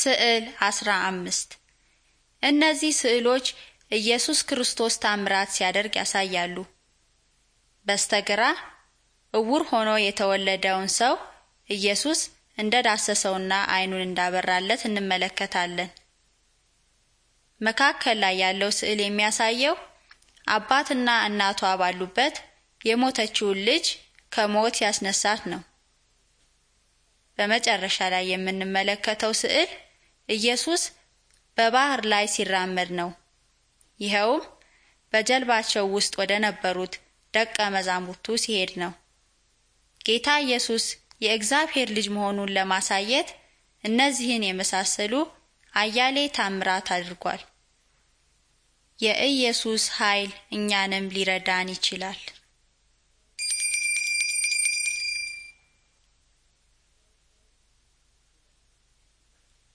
ስዕል 15 እነዚህ ስዕሎች ኢየሱስ ክርስቶስ ታምራት ሲያደርግ ያሳያሉ። በስተግራ እውር ሆኖ የተወለደውን ሰው ኢየሱስ እንደ ዳሰሰውና ዓይኑን እንዳበራለት እንመለከታለን። መካከል ላይ ያለው ስዕል የሚያሳየው አባትና እናቷ ባሉበት የሞተችውን ልጅ ከሞት ያስነሳት ነው። በመጨረሻ ላይ የምንመለከተው ስዕል ኢየሱስ በባህር ላይ ሲራመድ ነው። ይኸውም በጀልባቸው ውስጥ ወደ ነበሩት ደቀ መዛሙርቱ ሲሄድ ነው። ጌታ ኢየሱስ የእግዚአብሔር ልጅ መሆኑን ለማሳየት እነዚህን የመሳሰሉ አያሌ ታምራት አድርጓል። የኢየሱስ ኃይል እኛንም ሊረዳን ይችላል።